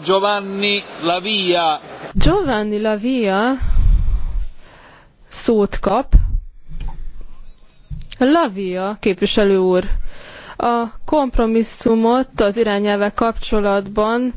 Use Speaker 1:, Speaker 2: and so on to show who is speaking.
Speaker 1: Giovanni Lavia.
Speaker 2: Giovanni Lavia szót kap. Lavia, képviselő úr, a kompromisszumot az irányelvek kapcsolatban